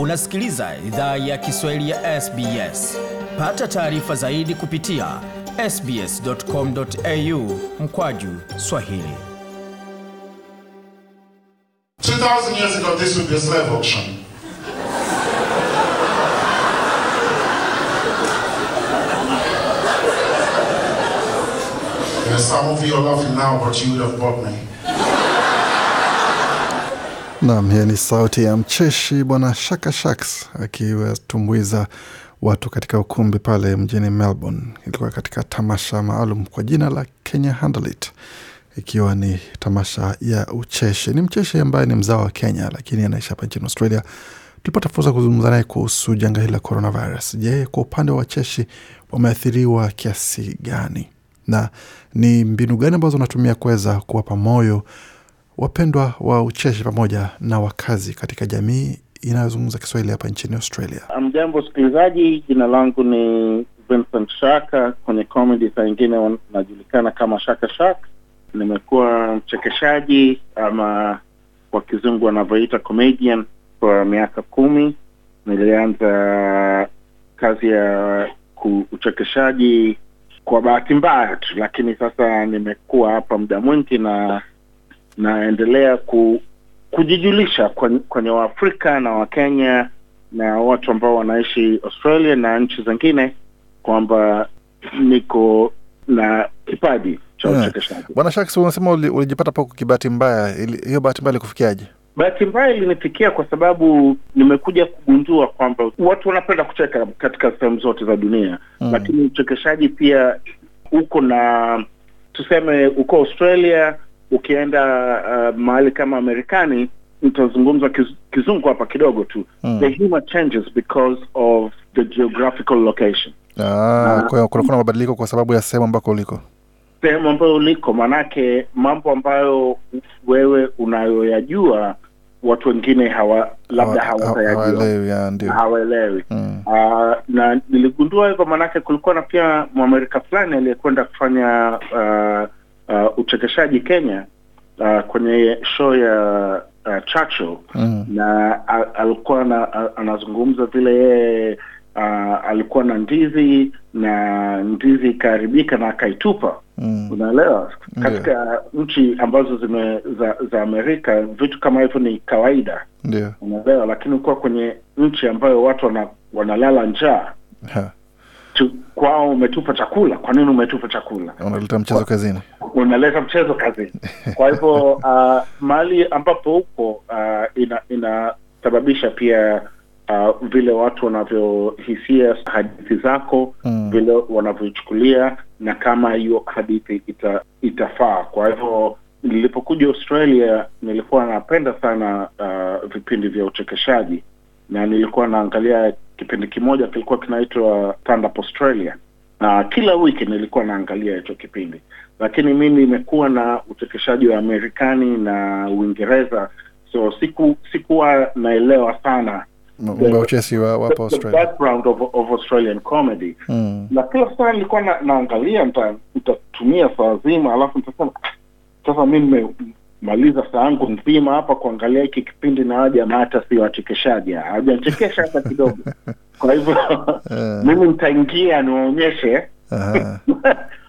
Unasikiliza idhaa ya Kiswahili ya SBS. Pata taarifa zaidi kupitia sbs.com.au mkwaju Swahili. 2000 years ago this would be a slave auction. some of you are laughing now, but you would have bought me. Nam, hiyo ni sauti ya mcheshi bwana Shaka Shaks akiwatumbuiza watu katika ukumbi pale mjini Melbourne. Ilikuwa katika tamasha maalum kwa jina la Kenya Handle It, ikiwa ni tamasha ya ucheshi. Ni mcheshi ambaye ni mzao wa Kenya lakini anaishi hapa nchini Australia. Tulipata fursa kuzungumza naye kuhusu janga hili la coronavirus. Je, kwa upande wa wacheshi wameathiriwa kiasi gani, na ni mbinu gani ambazo wanatumia kuweza kuwapa moyo Wapendwa wa ucheshi pamoja na wakazi katika jamii inayozungumza Kiswahili hapa nchini Australia. Mjambo msikilizaji, jina langu ni Vincent Shaka. Kwenye comedy saa ingine najulikana kama Shaka Shak. Nimekuwa mchekeshaji ama kwa kizungu wanavyoita comedian kwa miaka kumi. Nilianza kazi ya uchekeshaji kwa bahati mbaya tu, lakini sasa nimekuwa hapa muda mwingi na naendelea ku, kujijulisha kwenye, kwenye Waafrika na Wakenya na watu ambao wanaishi Australia na nchi zingine kwamba niko na kipadi cha eh, uchekeshaji. Bwana Shaks, unasema ulijipata poko kibahati mbaya. Hiyo bahati mbaya ilikufikiaje? Bahati mbaya ilinifikia kwa sababu nimekuja kugundua kwamba watu wanapenda kucheka katika sehemu zote za dunia mm. Lakini uchekeshaji pia uko na tuseme, uko Australia ukienda uh, mahali kama Marekani nitazungumza kizungu hapa kidogo tu mm. the humor changes because of the geographical location ah, uh, mabadiliko kwa sababu ya sehemu ambako uliko sehemu ambayo uliko maanake mambo ambayo wewe unayoyajua watu wengine hawa labda hawatayajua hawaelewi mm. uh, na niligundua hivyo maanake kulikuwa na pia mwamerika fulani aliyekwenda kufanya uh, uh, uchekeshaji Kenya uh, kwenye show ya uh, chacho mm. na alikuwa na, anazungumza vile yeye uh, alikuwa na ndizi na ndizi ikaharibika na akaitupa mm. unaelewa katika yeah. nchi ambazo zime za, za Amerika vitu kama hivyo ni kawaida yeah. unaelewa lakini kuwa kwenye nchi ambayo watu wana, wanalala njaa kwao umetupa chakula kwa nini umetupa chakula unaleta mchezo kazini unaleta mchezo kazini. Kwa hivyo uh, ah, mahali ambapo huko uh, ah, ina inasababisha pia uh, vile watu wanavyohisia hadithi zako mm. vile wanavyoichukulia na kama hiyo hadithi ita, itafaa. Kwa hivyo nilipokuja Australia nilikuwa napenda sana uh, vipindi vya uchekeshaji na nilikuwa naangalia kipindi kimoja kilikuwa kinaitwa Stand Australia na kila wiki nilikuwa naangalia hicho kipindi lakini mi nimekuwa na uchekeshaji wa Amerikani na Uingereza, so siku sikuwa naelewa sana mm, wa background of, of Australian comedy mm. na kila saa nilikuwa na, naangalia nitatumia saa zima, alafu nitasema sasa mi nimemaliza saa yangu nzima hapa kuangalia hiki kipindi na hawa hata si wachekeshaji, hawajanichekesha hata kidogo. Kwa hivyo eh. mimi nitaingia niwaonyeshe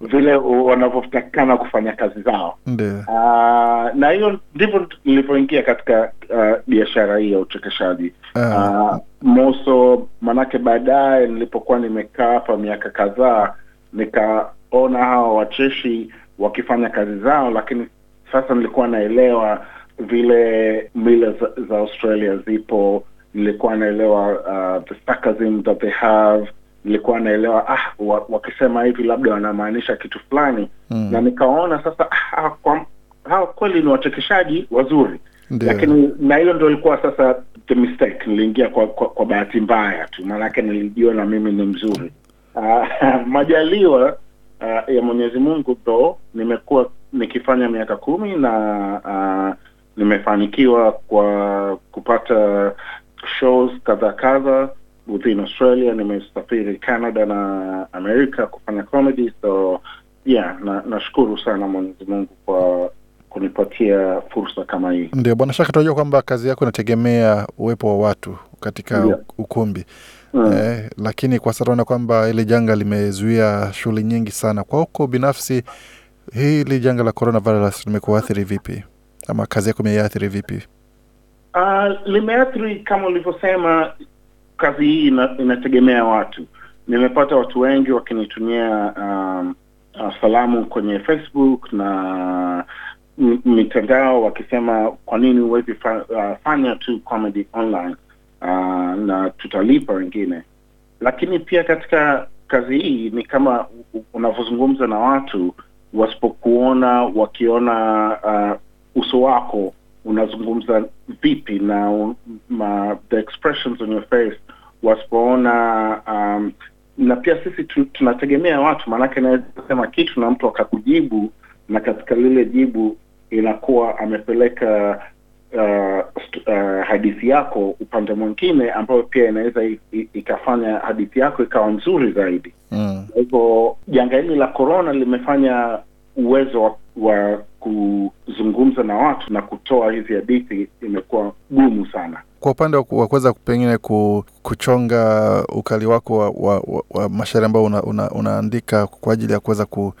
vile wanavyotakikana kufanya kazi zao uh, na hiyo ndivyo nilivyoingia katika uh, biashara hii ya uchekeshaji uh. Moso manake, baadaye nilipokuwa nimekaa hapa miaka kadhaa, nikaona hawa wacheshi wakifanya kazi zao, lakini sasa nilikuwa naelewa vile mila za, za Australia zipo, nilikuwa naelewa uh, the that they have nilikuwa naelewa ah, wakisema hivi labda wanamaanisha kitu fulani mm. na nikaona sasa ah, ah kwa, hawa ah, kweli ni wachekeshaji wazuri Deo. lakini na hiyo ndo ilikuwa sasa the mistake niliingia kwa, kwa, kwa bahati mbaya tu maanake nilijiona mimi ni mzuri uh, majaliwa uh, ya mwenyezi mungu ndo nimekuwa nikifanya miaka kumi na uh, nimefanikiwa kwa kupata shows kadha kadha within Australia, nimesafiri Canada na Amerika kufanya comedy, so yeah, na nashukuru sana Mwenyezi Mungu kwa kunipatia fursa kama hii. Ndio bwana Shaka, tunajua kwamba kazi yako inategemea uwepo wa watu katika yeah, ukumbi mm. Eh, lakini kwa sasa tunaona kwamba ili janga limezuia shughuli nyingi sana. Kwa huko binafsi, hili janga la coronavirus limekuathiri vipi, ama kazi yako imeathiri vipi? Uh, limeathiri kama ulivyosema, kazi hii ina, inategemea watu. Nimepata watu wengi wakinitumia um, uh, salamu kwenye Facebook na mitandao wakisema kwa nini huwezi uh, fanya tu comedy online uh, na tutalipa wengine, lakini pia katika kazi hii ni kama unavyozungumza na watu, wasipokuona wakiona uh, uso wako unazungumza vipi na ma, the expressions on your face wasipoona um, na pia sisi tunategemea watu, maanake naweza kitu na mtu akakujibu, na katika lile jibu inakuwa amepeleka uh, uh, hadithi yako upande mwingine, ambayo pia inaweza ikafanya hadithi yako ikawa nzuri zaidi. Mm. Kwa mm. hivyo janga hili la korona limefanya uwezo wa, wa kuzungumza na watu na kutoa hizi hadithi imekuwa gumu sana. Kwa upande wa kuweza pengine kuchonga ukali wako wa, wa, wa, wa mashairi ambao una, una, unaandika kwa ajili ya kuweza ku,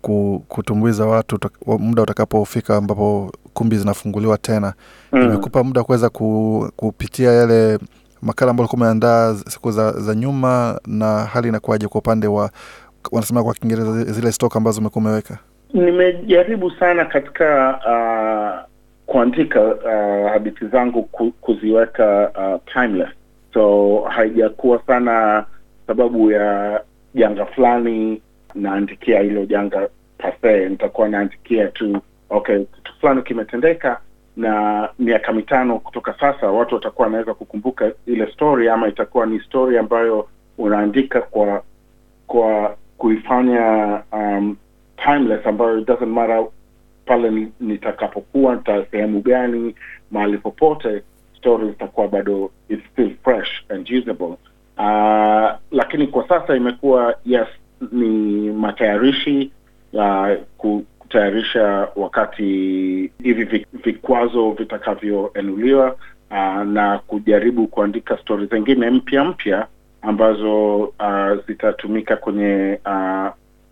ku, kutumbuiza watu muda utakapofika ambapo kumbi zinafunguliwa tena, mm. imekupa muda kuweza ku, kupitia yale makala ambayo ulikuwa umeandaa siku za, za nyuma, na hali inakuwaje kwa upande wa wanasema kwa Kiingereza zile stok ambazo umekuwa umeweka? Nimejaribu sana katika uh, kuandika uh, hadithi zangu ku, kuziweka uh, timeless, so haijakuwa sana sababu ya janga fulani naandikia hilo janga pase. Nitakuwa naandikia tu okay, kitu fulani kimetendeka, na miaka mitano kutoka sasa watu watakuwa wanaweza kukumbuka ile story, ama itakuwa ni story ambayo unaandika kwa kwa kuifanya um, timeless ambayo doesn't matter pale nitakapokuwa sehemu gani mahali popote story zitakuwa bado it's still fresh and usable uh, lakini kwa sasa imekuwa yes ni matayarishi uh, kutayarisha wakati hivi vikwazo vitakavyoenuliwa uh, na kujaribu kuandika stori zingine mpya mpya ambazo uh, zitatumika kwenye uh,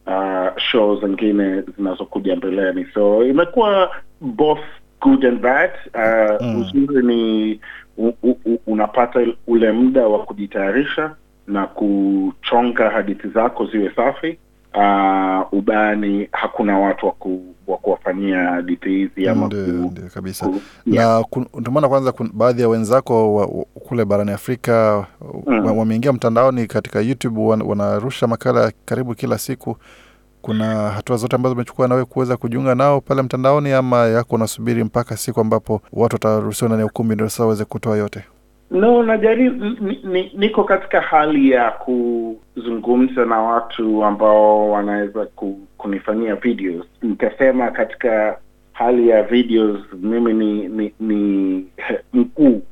uh, show zingine zinazokuja mbeleni, so imekuwa both good and bad. Uh, mm. Uzuri ni u, u, unapata ule muda wa kujitayarisha na kuchonga hadithi zako ziwe safi. Uh, ubani hakuna watu wa ku, wa kuwafanyia hadithi hizi ama ndio kabisa, yeah. na ndio maana kwanza baadhi ya wenzako kule barani Afrika mm. wameingia mtandaoni katika YouTube wanarusha makala karibu kila siku. Kuna hatua zote ambazo umechukua nawe kuweza kujiunga nao pale mtandaoni, ama yako unasubiri mpaka siku ambapo watu wataruhusiwa ndani ya ukumbi ndio sasa waweze kutoa yote? No, najaribu niko katika hali ya kuzungumza na watu ambao wanaweza ku, kunifanyia videos. katika hali ya videos mimi ni ni, ni mkuu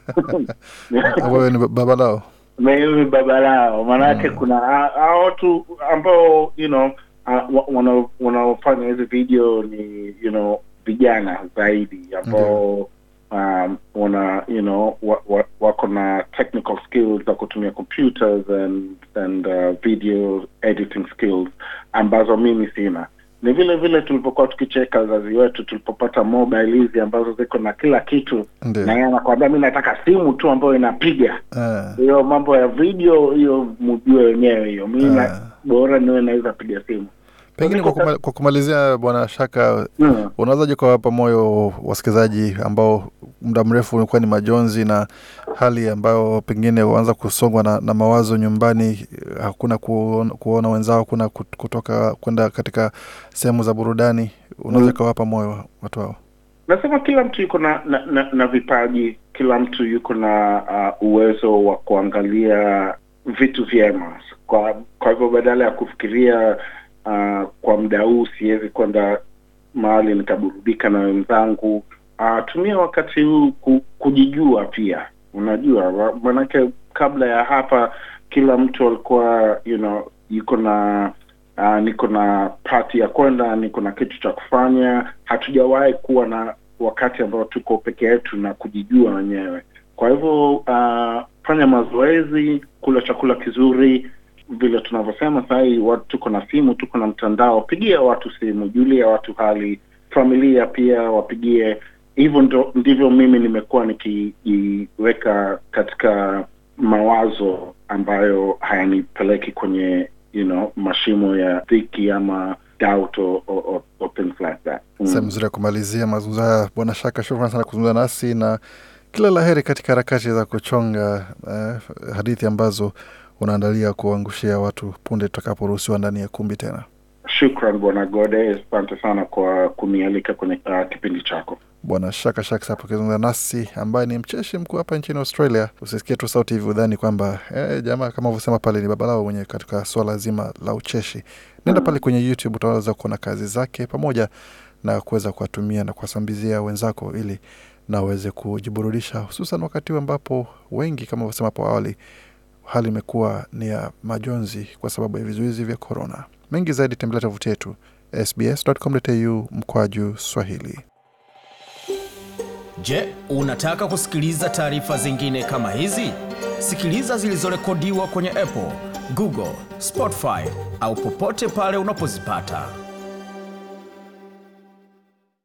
wewe ni baba lao mimi baba lao maanake mm. kuna hao watu ambao you know uh, wanaofanya hizi video ni you know vijana zaidi ambao okay. um, wana you know wa, wa, wako na technical skills za kutumia computers and and uh, video editing skills ambazo mimi sina ni vile vile tulivyokuwa tukicheka wazazi wetu tulipopata mobile hizi ambazo ziko na kila kitu Ndiyo. na mi nataka simu tu ambayo inapiga ah. hiyo uh. mambo ya video hiyo mjue wenyewe hiyo mi uh. Ah. bora niwe naweza piga simu Pengine kwa, kuma, kwa kumalizia Bwana Shaka mm. unawezaje kuwapa moyo wasikilizaji ambao muda mrefu umekuwa ni majonzi na hali ambayo pengine waanza kusongwa na, na mawazo nyumbani, hakuna kuona, kuona wenzao, hakuna kutoka kwenda katika sehemu za burudani, unaweza mm. kawapa moyo watu hao? Nasema kila mtu yuko na, na, na, na vipaji, kila mtu yuko na uh, uwezo wa kuangalia vitu vyema kwa, kwa hivyo badala ya kufikiria uh, kwa muda huu siwezi kwenda mahali nikaburudika na wenzangu uh, tumia wakati huu ku, kujijua pia unajua manake kabla ya hapa kila mtu alikuwa you know yuko na uh, niko na pati ya kwenda niko na kitu cha kufanya hatujawahi kuwa na wakati ambao tuko peke yetu na kujijua wenyewe kwa hivyo uh, fanya mazoezi kula chakula kizuri vile tunavyosema sahii, tuko na simu, tuko na mtandao, pigia watu simu, julia watu hali, familia pia wapigie. Hivyo ndivyo mimi nimekuwa nikijiweka katika mawazo ambayo hayanipeleki kwenye you know, mashimo ya dhiki ama doubt or, like mm. ya kumalizia mazungumzo haya, Bwana Shaka, shukran sana kuzungumza nasi na kila la heri katika harakati za kuchonga uh, hadithi ambazo unaandalia kuwaangushia watu punde tutakaporuhusiwa ndani ya kumbi tena? Shukran Bwana Gode, asante sana kwa kunialika kwenye uh, kipindi chako. Bwana Shaka Shaks hapo akizungumza nasi, ambaye ni mcheshi mkuu hapa nchini Australia. Usisikie tu sauti hivi udhani kwamba eh, jamaa kama ulivyosema pale ni lao mwenye katika swala zima la ucheshi. Nenda mm-hmm. pale kwenye YouTube utaweza kuona kazi zake pamoja na kuweza kuwatumia na kuwasambizia wenzako, ili na waweze kujiburudisha, hususan wakati huu ambapo wengi kama ulivyosema hapo awali hali imekuwa ni ya majonzi kwa sababu ya vizuizi vya korona. Mengi zaidi tembelea tovuti yetu sbs.com.au mkwaju Swahili. Je, unataka kusikiliza taarifa zingine kama hizi? Sikiliza zilizorekodiwa kwenye Apple, Google, Spotify au popote pale unapozipata.